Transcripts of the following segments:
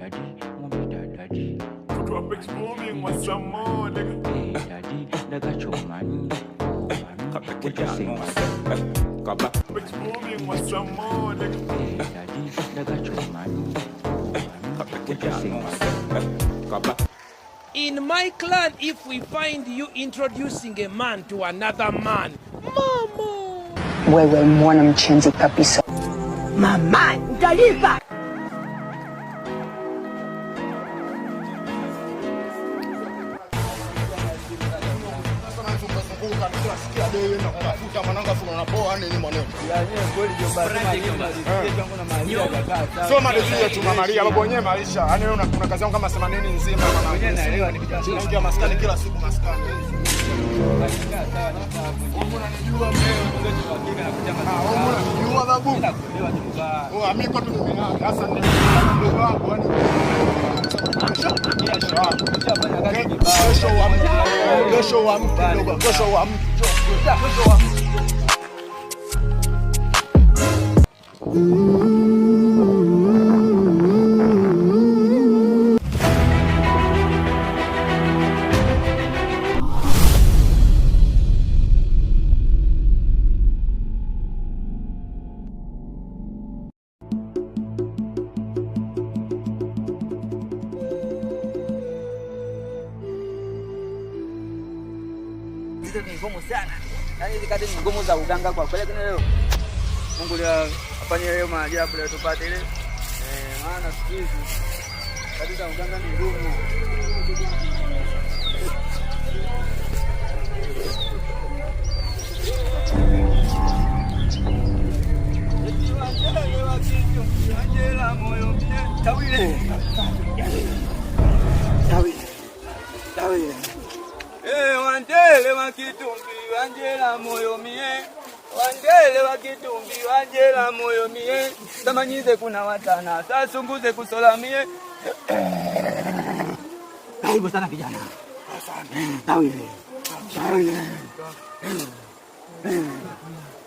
daddy, daddy, some more, Hey daddy, money. In my clan, if we find you introducing a man to another man, mama. Wewe mwana mchenzi kabisa. Mama, ndalipa. unaanguka mtu asikia Sio matatizo tu mama Maria, baba wenyewe maisha. Yaani wewe una kazi yangu kama 80 nzima mama. Mimi naelewa ni maskani kila siku maskani. Unanijua Mimi kwa ah, oh, tu mimi hasa ndio mdogo 十二，哥收完，哥收完，哥收完，哥收完，哥 Hizo ni ngumu sana. Yaani hizi kadi ni ngumu za uganga kwa kweli lakini leo Mungu leo afanye leo maajabu leo tupate ile. Eh, maana siku hizi kadi za uganga ni ngumu. Tawile. Tawile. Tawile. Eh, wandele wa kitumbi wanjela moyo mie wandele wa kitumbi wanjela moyo mie tamanyize kuna watana sasunguze kusola mie karibu sana vijana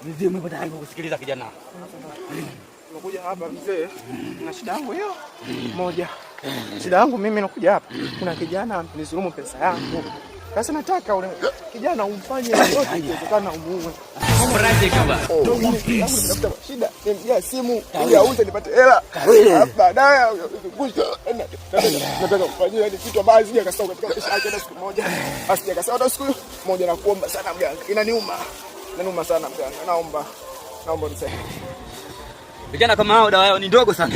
mzee, tayari kusikiliza kijana? Nakuja hapa mzee, na shida yangu hiyo moja. Shida yangu mimi nakuja hapa, kuna kijana amenizulumu pesa yangu sasa nataka ule kijana umfanye yote kutokana umuue. Mraje kama. Oh, shida Ya simu ili auze nipate hela. Baadaye nataka ufanye ile kitu ambayo sija kasahau katika maisha yake hata siku moja. Basi ya kasahau hata siku moja na kuomba sana mganga. Inaniuma. Inaniuma sana mganga. Naomba. Naomba nisaidie. Vijana kama hao dawa yao ni ndogo sana.